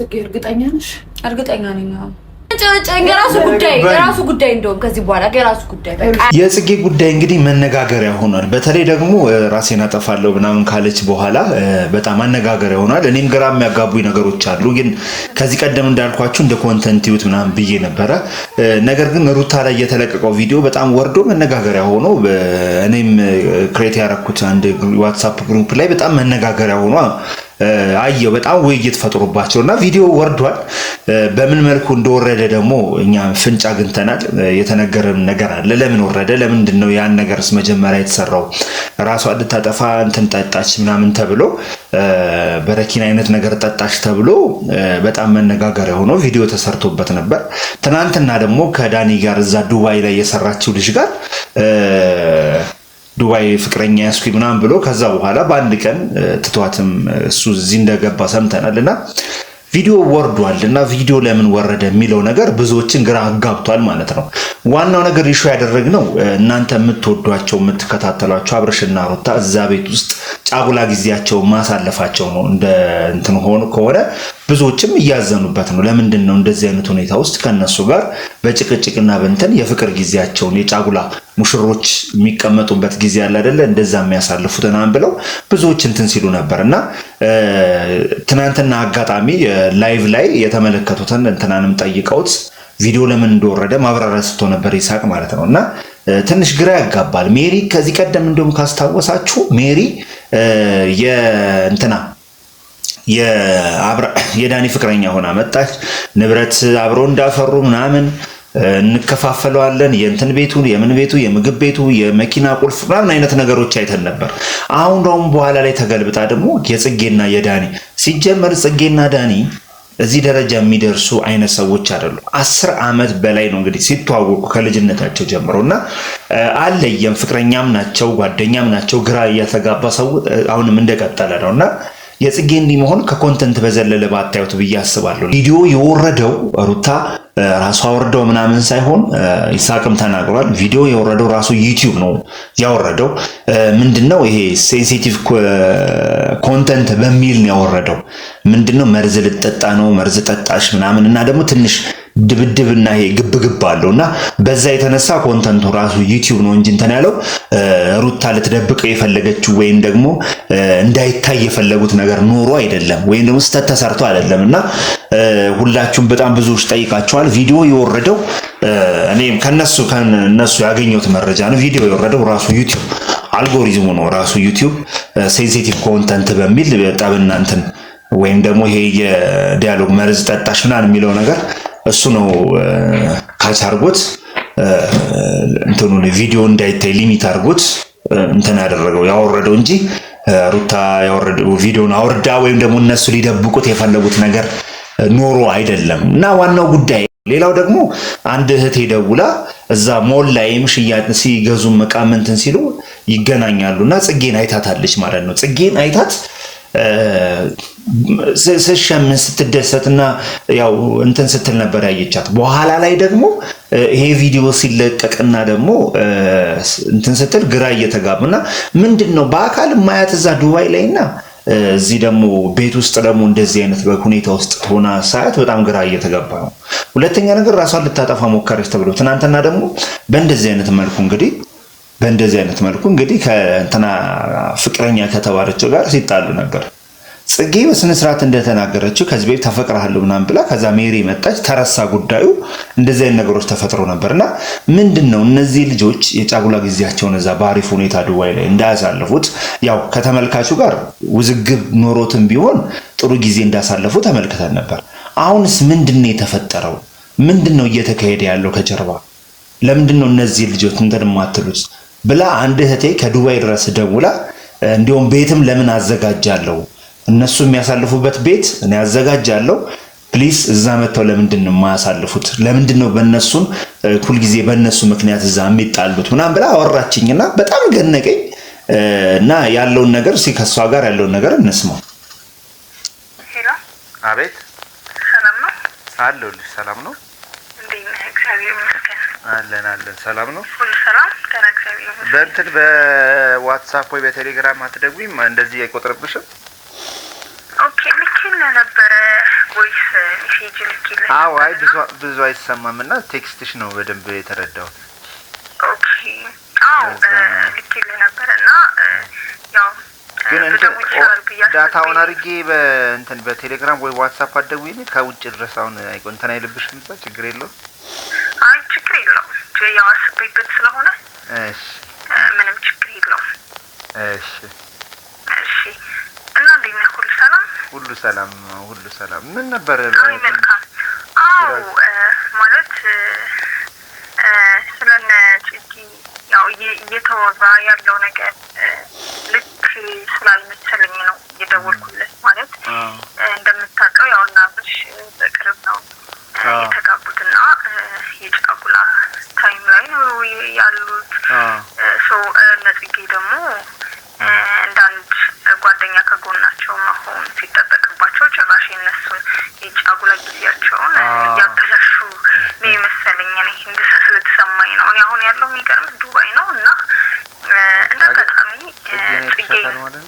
ጽጌ እርግጠኛ ነሽ? እርግጠኛ ነኝ። የራሱ ጉዳይ የራሱ ጉዳይ እንደውም ከዚህ በኋላ የራሱ ጉዳይ የጽጌ ጉዳይ እንግዲህ መነጋገሪያ ሆኗል። በተለይ ደግሞ ራሴን አጠፋለሁ ምናምን ካለች በኋላ በጣም አነጋገሪያ ሆኗል። እኔም ግራ የሚያጋቡኝ ነገሮች አሉ። ግን ከዚህ ቀደም እንዳልኳችሁ እንደ ኮንተንት ዩት ምናምን ብዬ ነበረ። ነገር ግን ሩታ ላይ የተለቀቀው ቪዲዮ በጣም ወርዶ መነጋገሪያ ሆኖ እኔም ክሬት ያረኩት አንድ ዋትሳፕ ግሩፕ ላይ በጣም መነጋገሪያ ሆኗ አየው በጣም ውይይት ፈጥሮባቸው እና ቪዲዮ ወርዷል። በምን መልኩ እንደወረደ ደግሞ እኛ ፍንጭ አግኝተናል። የተነገረን ነገር አለ። ለምን ወረደ? ለምንድን ነው ያን ነገርስ መጀመሪያ የተሰራው? ራሷ ልታጠፋ እንትን ጠጣች ምናምን ተብሎ በረኪን አይነት ነገር ጠጣች ተብሎ በጣም መነጋገሪያ ሆኖ ቪዲዮ ተሰርቶበት ነበር። ትናንትና ደግሞ ከዳኒ ጋር እዛ ዱባይ ላይ የሰራችው ልጅ ጋር ዱባይ ፍቅረኛ ያስኩኝ ምናምን ብሎ ከዛ በኋላ በአንድ ቀን ትቷትም እሱ እዚህ እንደገባ ሰምተናል እና ቪዲዮ ወርዷል እና ቪዲዮ ለምን ወረደ የሚለው ነገር ብዙዎችን ግራ አጋብቷል ማለት ነው። ዋናው ነገር ይሾ ያደረግነው እናንተ የምትወዷቸው የምትከታተሏቸው አብረሽና ሩታ እዛ ቤት ውስጥ ጫጉላ ጊዜያቸው ማሳለፋቸው ነው። እንደ እንትን ሆኑ ከሆነ ብዙዎችም እያዘኑበት ነው። ለምንድን ነው እንደዚህ አይነት ሁኔታ ውስጥ ከነሱ ጋር በጭቅጭቅና በንተን የፍቅር ጊዜያቸውን የጫጉላ ሙሽሮች የሚቀመጡበት ጊዜ ያለ አይደለ እንደዛ የሚያሳልፉትናን ብለው ብዙዎች እንትን ሲሉ ነበር እና ትናንትና አጋጣሚ ላይቭ ላይ የተመለከቱትን እንትናንም ጠይቀውት ቪዲዮ ለምን እንደወረደ ማብራሪያ ሰጥቶ ነበር ይሳቅ ማለት ነው እና ትንሽ ግራ ያጋባል። ሜሪ ከዚህ ቀደም እንደውም ካስታወሳችሁ ሜሪ የእንትና የዳኒ ፍቅረኛ ሆና መጣች። ንብረት አብሮ እንዳፈሩ ምናምን እንከፋፈለዋለን የእንትን ቤቱ የምን ቤቱ የምግብ ቤቱ የመኪና ቁልፍ ምናምን አይነት ነገሮች አይተን ነበር። አሁን ደሁም በኋላ ላይ ተገልብጣ ደግሞ የጽጌና የዳኒ ሲጀመር ጽጌና ዳኒ እዚህ ደረጃ የሚደርሱ አይነት ሰዎች አይደሉም። አስር ዓመት በላይ ነው እንግዲህ ሲተዋወቁ ከልጅነታቸው ጀምሮ እና አለየም ፍቅረኛም ናቸው ጓደኛም ናቸው። ግራ እያተጋባ ሰው አሁንም እንደቀጠለ ነው እና የጽጌ እንዲህ መሆን ከኮንተንት በዘለለ ባታዩት ብዬ አስባለሁ። ቪዲዮ የወረደው ሩታ ራሱ አወርደው ምናምን ሳይሆን ይሳቅም ተናግሯል። ቪዲዮ የወረደው ራሱ ዩቲዩብ ነው ያወረደው። ምንድነው ይሄ ሴንሲቲቭ ኮንተንት በሚል ነው ያወረደው። ምንድነው መርዝ ልጠጣ ነው መርዝ ጠጣሽ ምናምን እና ደግሞ ትንሽ ድብድብና ይሄ ግብግብ አለው እና በዛ የተነሳ ኮንተንቱ ራሱ ዩቲዩብ ነው እንጂ እንትን ያለው ሩታ ልትደብቀው የፈለገችው ወይም ደግሞ እንዳይታይ የፈለጉት ነገር ኖሮ አይደለም፣ ወይም ደግሞ ስተት ተሰርቶ አይደለም እና ሁላችሁም በጣም ብዙዎች ጠይቃቸዋል። ቪዲዮ የወረደው እኔም ከነሱ ከነሱ ያገኘሁት መረጃ ነው። ቪዲዮ የወረደው ራሱ ዩቲዩብ አልጎሪዝሙ ነው ራሱ ዩቲዩብ ሴንሲቲቭ ኮንተንት በሚል ጠብና እንትን ወይም ደግሞ ይሄ የዲያሎግ መርዝ ጠጣሽ ምናምን የሚለው ነገር እሱ ነው ካች አርጎት እንትኑን ቪዲዮ እንዳይታይ ሊሚት አርጎት እንትን ያደረገው ያወረደው እንጂ ሩታ ያወረደው ቪዲዮን አውርዳ ወይም ደግሞ እነሱ ሊደብቁት የፈለጉት ነገር ኖሮ አይደለም እና ዋናው ጉዳይ ሌላው ደግሞ አንድ እህት ደውላ እዛ ሞል ላይም ሽያጭ ሲገዙ እቃ እንትን ሲሉ ይገናኛሉ እና ጽጌን አይታታለች ማለት ነው። ጽጌን አይታት ስሸምን ስትደሰትና ያው እንትን ስትል ነበር ያየቻት። በኋላ ላይ ደግሞ ይሄ ቪዲዮ ሲለቀቅና ደግሞ እንትን ስትል ግራ እየተጋቡ እና ምንድን ነው በአካል ማያት እዛ ዱባይ ላይና እዚህ ደግሞ ቤት ውስጥ ደግሞ እንደዚህ አይነት ሁኔታ ውስጥ ሆና ሳያት በጣም ግራ እየተጋባ ነው። ሁለተኛ ነገር ራሷን ልታጠፋ ሞከረች ተብሎ ትናንትና ደግሞ በእንደዚህ አይነት መልኩ እንግዲህ በእንደዚህ አይነት መልኩ እንግዲህ ከእንትና ፍቅረኛ ከተባለችው ጋር ሲጣሉ ነበር። ጽጌ በስነስርዓት እንደተናገረችው ከዚህ በፊት ታፈቅርሃለሁ ምናምን ብላ ከዛ ሜሪ መጣች፣ ተረሳ ጉዳዩ። እንደዚህ አይነት ነገሮች ተፈጥሮ ነበር እና ምንድን ነው እነዚህ ልጆች የጫጉላ ጊዜያቸውን እዛ በአሪፍ ሁኔታ ዱባይ ላይ እንዳያሳለፉት ያው ከተመልካቹ ጋር ውዝግብ ኖሮትም ቢሆን ጥሩ ጊዜ እንዳሳለፉ ተመልክተን ነበር። አሁንስ ምንድን ነው የተፈጠረው? ምንድን ነው እየተካሄደ ያለው ከጀርባ? ለምንድን ነው እነዚህ ልጆች እንትን የማትሉት? ብላ አንድ እህቴ ከዱባይ ድረስ ደውላ እንዲሁም ቤትም ለምን አዘጋጃለሁ እነሱ የሚያሳልፉበት ቤት እኔ አዘጋጃለሁ ፕሊስ እዛ መጥተው ለምንድን ነው የማያሳልፉት? ለምንድን ነው በእነሱም ሁልጊዜ በነሱ ምክንያት እዛ የሚጣሉት? ምናምን ብላ አወራችኝና በጣም ገነቀኝ እና ያለውን ነገር እስኪ ከእሷ ጋር ያለውን ነገር እንስማው። አቤት ሰላም ነው አለሁልሽ። ሰላም ነው አለን አለን። ሰላም ነው ሁሉ ሰላም በእንትን በዋትሳፕ ወይ በቴሌግራም አትደጉኝም? እንደዚህ አይቆጥርብሽም? ኦኬ ልኬልህ ነበረ ቮይስ ሜሴጅ ልኬልህ። አዎ አይ ብዙ አይሰማም እና ቴክስትሽ ነው በደንብ የተረዳሁት። ኦኬ አዎ ግን እንትን ዳታውን አድርጌ በእንትን በቴሌግራም ወይ ዋትሳፕ አትደውይልኝ ከውጭ ድረስ አሁን እንትን አይልብሽም? እዛ ችግር የለውም። አይ ችግር የለውም ያው አስቤበት ስለሆነ እሺ ምንም ችግር የለውም። እሺ እሺ። እና እንዴት ነህ? ሁሉ ሰላም፣ ሁሉ ሰላም፣ ሁሉ ሰላም። ምን ነበር? መልካም። አዎ ማለት ስለነ ጭጊ ያው እየተወራ ያለው ነገር ልክ ስላልመሰለኝ ነው እየደወልኩለት። ማለት እንደምታውቀው ያው እና ብሽ በቅርብ ነው የተጋቡትና የጫጉላ ታይም ላይ ነው ያሉት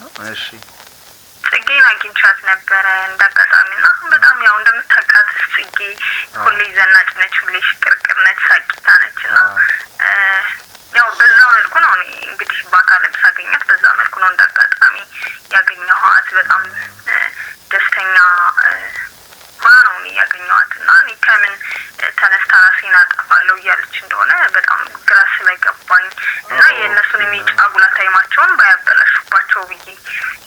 ነው። እሺ ጽጌን አግኝቻት ነበረ እንዳጋጣሚ ና አሁን በጣም ያው እንደምታውቃት ጽጌ ሁሌ ዘናጭ ነች፣ ሁሌ ሽቅርቅር ነች፣ ሳቂታ ነች እና ያው በዛ መልኩ ነው እኔ እንግዲህ በአካል ሳገኛት በዛ መልኩ ነው እንዳጋጣሚ ያገኘኋት። በጣም ደስተኛ ሆና ነው እኔ ያገኘኋት ና እኔ ከምን ተነስታ ራሴን አጠፋለሁ እያለች እንደሆነ በጣም ግራ ስለገባኝ እና የእነሱን የጫጉላ ታይማቸውን ባያበላ ናቸው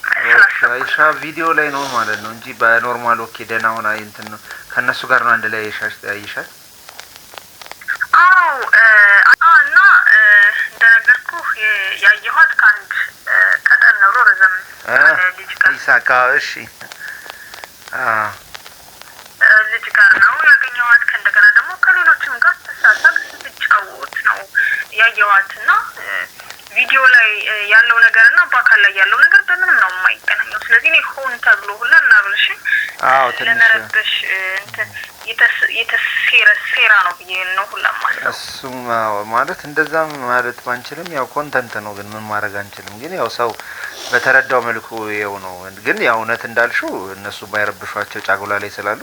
ብዬ አይሻ ቪዲዮ ላይ ነው ማለት ነው እንጂ በኖርማል ኦኬ፣ ደህና ሆና እንትን ነው ከእነሱ ጋር ነው አንድ ላይ አይሻሽ ተያይሻል። አዎ እና እንደነገርኩ ያየኋት ከአንድ ቀጠን ኖሮ ረዘም ልጅ ጋር ይሳካ እሺ ልጅ ጋር ነው ያገኘዋት። ከእንደገና ደግሞ ከሌሎችም ጋር ተሳሳቅ ስትጫወት ነው ያየዋት እና ላይ ያለው ነገር በምንም ነው የማይገናኘው። ስለዚህ እኔ ሆን ተብሎ ሁላ እናብልሽ ለመረበሽ የተሴረ ሴራ ነው ብዬ ነው ሁላ ማለት እሱም ማለት እንደዛም ማለት ባንችልም ያው ኮንተንት ነው። ግን ምን ማድረግ አንችልም። ግን ያው ሰው በተረዳው መልኩ የው ነው። ግን ያው እውነት እንዳልሽው እነሱ ባይረብሿቸው ጫጉላ ላይ ስላሉ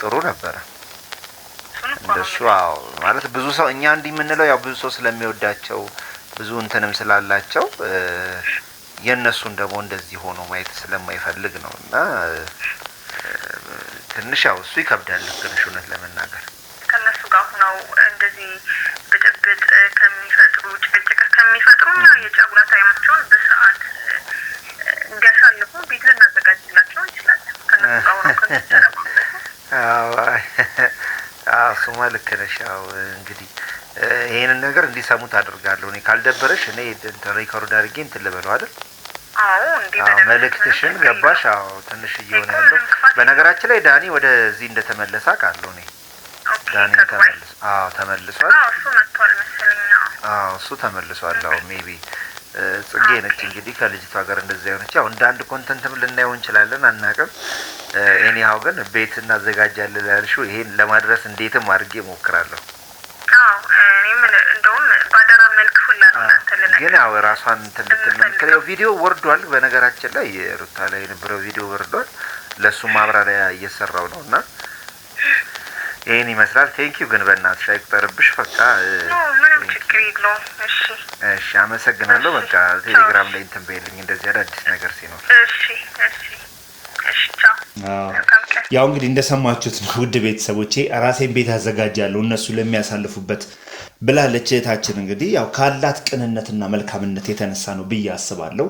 ጥሩ ነበረ። እንደሱ አዎ ማለት ብዙ ሰው እኛ እንዲህ የምንለው ያው ብዙ ሰው ስለሚወዳቸው ብዙ እንትንም ስላላቸው የእነሱን ደግሞ እንደዚህ ሆኖ ማየት ስለማይፈልግ ነው እና ትንሽ ያው እሱ ይከብዳል። ትንሽ እውነት ለመናገር ከእነሱ ጋር ሁነው እንደዚህ ብጥብጥ ከሚፈጥሩ ጭቅጭቅ ከሚፈጥሩ እና የጫጉላ ታይማቸውን በሰዓት እንዲያሳልፉ ቤት ልናዘጋጅላቸው እንችላለን። ከእነሱ ጋር ሁነው ከሚሰራ እሱማ ልክ ነሽ። ያው እንግዲህ ይህንን ነገር እንዲሰሙት አድርጋለሁ። እኔ ካልደበረሽ እኔ ሪከርድ አድርጌ እንትን ልበለው አይደል? አዎ፣ መልእክትሽን ገባሽ? አዎ ትንሽ እየሆነ ያለው በነገራችን ላይ ዳኒ ወደዚህ እንደተመለሰ አውቃለሁ እኔ ዳኒ ተመልሷል። አዎ ተመልሷል። አዎ እሱ ተመልሷል። አዎ ሜቢ ጽጌ ነች እንግዲህ ከልጅቷ ጋር እንደዚያ የሆነች ያው እንደ አንድ ኮንተንትም ልናየው እንችላለን፣ አናቅም። ኤኒሀው ግን ቤት እናዘጋጃለን ያልሽው ይሄን ለማድረስ እንዴትም አድርጌ ሞክራለሁ። ግን ያው ራሷን ትንድትል ያው ቪዲዮ ወርዷል። በነገራችን ላይ የሩታ ላይ የነበረው ቪዲዮ ወርዷል። ለእሱ ማብራሪያ እየሰራው ነው እና ይህን ይመስላል። ቴንኪ ግን በእናትሽ አይቁጠርብሽ። በቃ ምንም ችግር እሺ፣ አመሰግናለሁ። በቃ ቴሌግራም ላይ እንትን በይልኝ እንደዚህ አዳዲስ ነገር ሲኖር። እሺ፣ እሺ። ያው እንግዲህ እንደሰማችሁት ነው ውድ ቤተሰቦቼ፣ ራሴን ቤት አዘጋጃለሁ እነሱ ለሚያሳልፉበት ብላለች እህታችን። እንግዲህ ያው ካላት ቅንነትና መልካምነት የተነሳ ነው ብዬ አስባለሁ።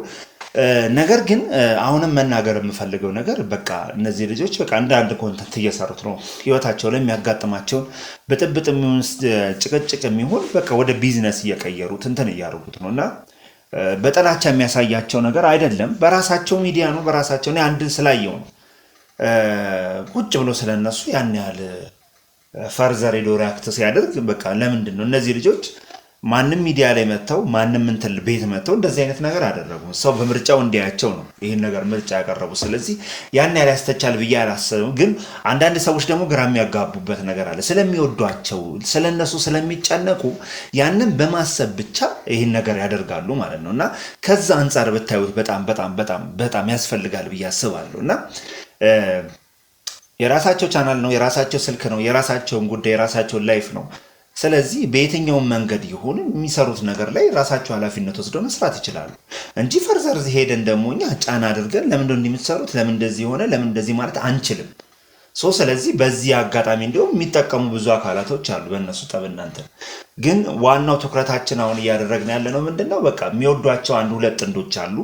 ነገር ግን አሁንም መናገር የምፈልገው ነገር በቃ እነዚህ ልጆች በቃ እንደ አንድ ኮንተንት እየሰሩት ነው። ህይወታቸው ላይ የሚያጋጥማቸውን ብጥብጥ የሚሆን ጭቅጭቅ የሚሆን በቃ ወደ ቢዝነስ እየቀየሩት እንትን እያደረጉት ነው እና በጥላቻ የሚያሳያቸው ነገር አይደለም። በራሳቸው ሚዲያ ነው። በራሳቸው እኔ አንድን ስላየው ነው ቁጭ ብሎ ስለነሱ ያን ያህል ፈርዘር ሄዶ ሪያክት ሲያደርግ በቃ ለምንድን ነው እነዚህ ልጆች ማንም ሚዲያ ላይ መጥተው ማንም እንትን ቤት መጥተው እንደዚህ አይነት ነገር አደረጉ። ሰው በምርጫው እንዲያቸው ነው ይህን ነገር ምርጫ ያቀረቡ። ስለዚህ ያን ያህል ያስተቻል ብዬ አላሰብም። ግን አንዳንድ ሰዎች ደግሞ ግራ የሚያጋቡበት ነገር አለ። ስለሚወዷቸው፣ ስለነሱ ስለሚጨነቁ ያንን በማሰብ ብቻ ይህን ነገር ያደርጋሉ ማለት ነው እና ከዛ አንጻር ብታዩት በጣም በጣም በጣም በጣም ያስፈልጋል ብዬ አስባለሁ እና የራሳቸው ቻናል ነው፣ የራሳቸው ስልክ ነው፣ የራሳቸውን ጉዳይ የራሳቸውን ላይፍ ነው ስለዚህ በየትኛውም መንገድ ይሁን የሚሰሩት ነገር ላይ ራሳቸው ኃላፊነት ወስደው መስራት ይችላሉ እንጂ ፈርዘር ሄደን ደግሞ እኛ ጫና አድርገን ለምን እንደዚህ የምትሰሩት፣ ለምን እንደዚህ ሆነ፣ ለምን እንደዚህ ማለት አንችልም። ሶ ስለዚህ በዚህ አጋጣሚ እንዲሁም የሚጠቀሙ ብዙ አካላቶች አሉ። በእነሱ ጠብ ግን ዋናው ትኩረታችን አሁን እያደረግን ያለ ነው ምንድነው? በቃ የሚወዷቸው አንድ ሁለት ጥንዶች አሉ።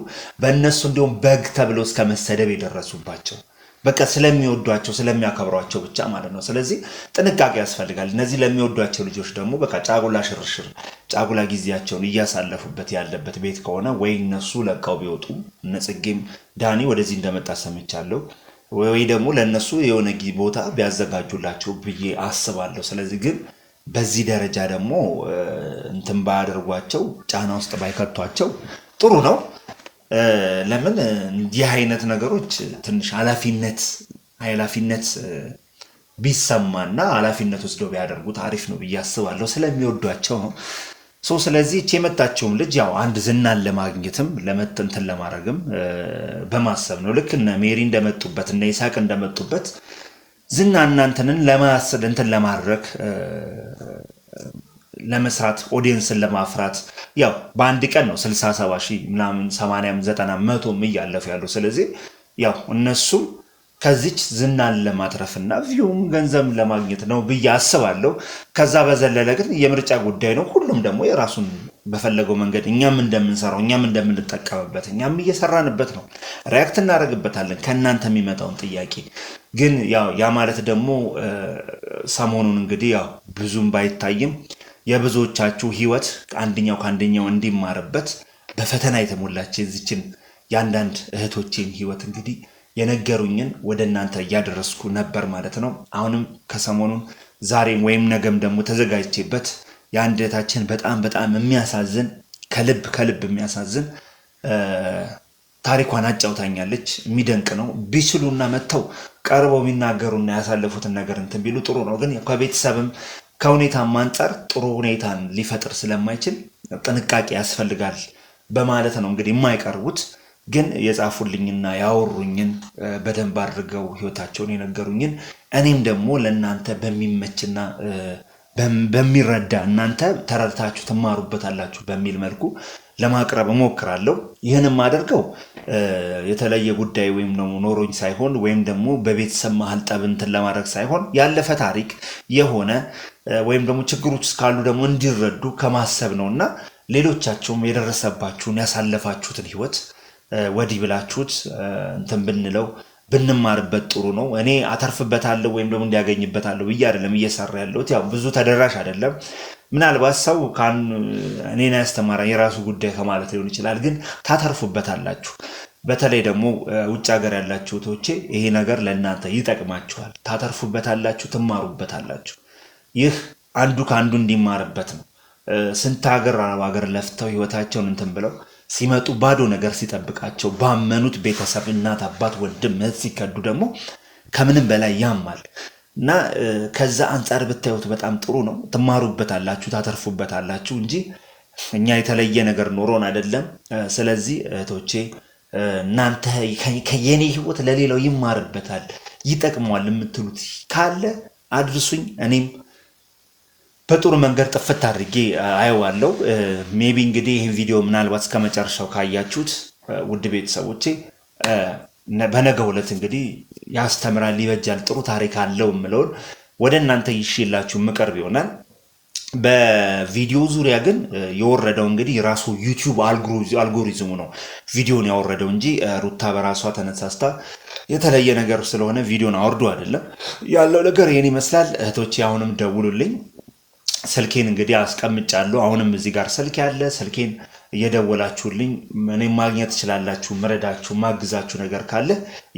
በእነሱ እንዲሁም በግ ተብሎ እስከ መሰደብ የደረሱባቸው በቃ ስለሚወዷቸው ስለሚያከብሯቸው ብቻ ማለት ነው። ስለዚህ ጥንቃቄ ያስፈልጋል። እነዚህ ለሚወዷቸው ልጆች ደግሞ በቃ ጫጉላ ሽርሽር፣ ጫጉላ ጊዜያቸውን እያሳለፉበት ያለበት ቤት ከሆነ ወይ እነሱ ለቃው ቢወጡ እነጽጌም ዳኒ ወደዚህ እንደመጣ ሰምቻለሁ ወይ ደግሞ ለእነሱ የሆነ ቦታ ቢያዘጋጁላቸው ብዬ አስባለሁ። ስለዚህ ግን በዚህ ደረጃ ደግሞ እንትን ባያደርጓቸው፣ ጫና ውስጥ ባይከቷቸው ጥሩ ነው። ለምን እንዲህ አይነት ነገሮች ትንሽ ኃላፊነት ኃላፊነት ቢሰማና ኃላፊነት ወስደው ቢያደርጉት አሪፍ ነው ብዬ አስባለሁ። ስለሚወዷቸው ነው። ሶ ስለዚህ ይህች የመጣቸውም ልጅ ያው አንድ ዝናን ለማግኘትም ለመጥንትን ለማድረግም በማሰብ ነው። ልክ እነ ሜሪ እንደመጡበት እነ ይስሐቅ እንደመጡበት ዝና እናንተንን ለማስል እንትን ለማድረግ ለመስራት ኦዲየንስን ለማፍራት ያው በአንድ ቀን ነው 67 ሰባ ሺህ ምናምን ሰማንያም ዘጠና መቶ እያለፉ ያሉ። ስለዚህ ያው እነሱም ከዚች ዝናን ለማትረፍ እና ቪውም ገንዘብ ለማግኘት ነው ብዬ አስባለሁ። ከዛ በዘለለ ግን የምርጫ ጉዳይ ነው። ሁሉም ደግሞ የራሱን በፈለገው መንገድ እኛም እንደምንሰራው እኛም እንደምንጠቀምበት እኛም እየሰራንበት ነው። ሪያክት እናደርግበታለን ከእናንተ የሚመጣውን ጥያቄ ግን ያ ማለት ደግሞ ሰሞኑን እንግዲህ ያው ብዙም ባይታይም የብዙዎቻችሁ ህይወት አንደኛው ከአንደኛው እንዲማርበት በፈተና የተሞላች የዚችን የአንዳንድ እህቶቼን ህይወት እንግዲህ የነገሩኝን ወደ እናንተ እያደረስኩ ነበር ማለት ነው። አሁንም ከሰሞኑን ዛሬም ወይም ነገም ደግሞ ተዘጋጅቼበት የአንድ እህታችን በጣም በጣም የሚያሳዝን ከልብ ከልብ የሚያሳዝን ታሪኳን አጫውታኛለች። የሚደንቅ ነው። ቢችሉና መጥተው ቀርበው የሚናገሩና ያሳለፉትን ነገር እንትን ቢሉ ጥሩ ነው። ግን ከቤተሰብም ከሁኔታ አንጻር ጥሩ ሁኔታን ሊፈጥር ስለማይችል ጥንቃቄ ያስፈልጋል በማለት ነው እንግዲህ የማይቀርቡት። ግን የጻፉልኝና ያወሩኝን በደንብ አድርገው ህይወታቸውን የነገሩኝን እኔም ደግሞ ለእናንተ በሚመችና በሚረዳ እናንተ ተረድታችሁ ትማሩበታላችሁ በሚል መልኩ ለማቅረብ እሞክራለሁ። ይህንም አደርገው የተለየ ጉዳይ ወይም ደግሞ ኖሮኝ ሳይሆን ወይም ደግሞ በቤተሰብ መሀል ጠብ እንትን ለማድረግ ሳይሆን ያለፈ ታሪክ የሆነ ወይም ደግሞ ችግሮች እስካሉ ደግሞ እንዲረዱ ከማሰብ ነው እና ሌሎቻቸውም የደረሰባችሁን ያሳለፋችሁትን ህይወት ወዲህ ብላችሁት እንትን ብንለው ብንማርበት ጥሩ ነው። እኔ አተርፍበታለሁ ወይም ደግሞ እንዲያገኝበታለሁ ብዬ አይደለም እየሰራ ያለሁት። ያው ብዙ ተደራሽ አይደለም። ምናልባት ሰው እኔን ያስተማራ የራሱ ጉዳይ ከማለት ሊሆን ይችላል። ግን ታተርፉበታላችሁ። በተለይ ደግሞ ውጭ ሀገር ያላችሁ እህቶቼ ይሄ ነገር ለእናንተ ይጠቅማችኋል። ታተርፉበታላችሁ፣ ትማሩበታላችሁ። ይህ አንዱ ከአንዱ እንዲማርበት ነው። ስንት ሀገር አረብ ሀገር ለፍተው ህይወታቸውን እንትን ብለው ሲመጡ ባዶ ነገር ሲጠብቃቸው ባመኑት ቤተሰብ እናት፣ አባት፣ ወንድም እህት ሲከዱ ደግሞ ከምንም በላይ ያማል እና ከዛ አንጻር ብታዩት በጣም ጥሩ ነው። ትማሩበታላችሁ፣ ታተርፉበታላችሁ እንጂ እኛ የተለየ ነገር ኖሮን አይደለም። ስለዚህ እህቶቼ እናንተ የኔ ህይወት ለሌላው ይማርበታል፣ ይጠቅመዋል የምትሉት ካለ አድርሱኝ እኔም በጥሩ መንገድ ጥፍት አድርጌ አየዋለው። ሜቢ እንግዲህ ይህን ቪዲዮ ምናልባት እስከ መጨረሻው ካያችሁት ውድ ቤተሰቦቼ በነገው ዕለት እንግዲህ ያስተምራል፣ ይበጃል፣ ጥሩ ታሪክ አለው የምለውን ወደ እናንተ ይሽላችሁ ምቀርብ ይሆናል። በቪዲዮ ዙሪያ ግን የወረደው እንግዲህ ራሱ ዩቲዩብ አልጎሪዝሙ ነው ቪዲዮን ያወረደው እንጂ ሩታ በራሷ ተነሳስታ የተለየ ነገር ስለሆነ ቪዲዮን አወርዶ አይደለም። ያለው ነገር ይህን ይመስላል። እህቶቼ አሁንም ደውሉልኝ። ስልኬን እንግዲህ አስቀምጫለሁ። አሁንም እዚህ ጋር ስልክ ያለ ስልኬን እየደወላችሁልኝ እኔ ማግኘት ትችላላችሁ። መረዳችሁ ማግዛችሁ ነገር ካለ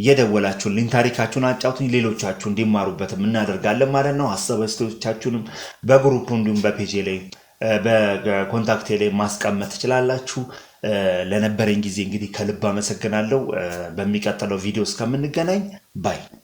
እየደወላችሁልኝ ታሪካችሁን አጫውቱኝ። ሌሎቻችሁ እንዲማሩበትም እናደርጋለን ማለት ነው። አሰበስቶቻችሁንም በግሩፕ እንዲሁም በፔጄ ላይ በኮንታክቴ ላይ ማስቀመጥ ትችላላችሁ። ለነበረኝ ጊዜ እንግዲህ ከልብ አመሰግናለሁ። በሚቀጥለው ቪዲዮ እስከምንገናኝ ባይ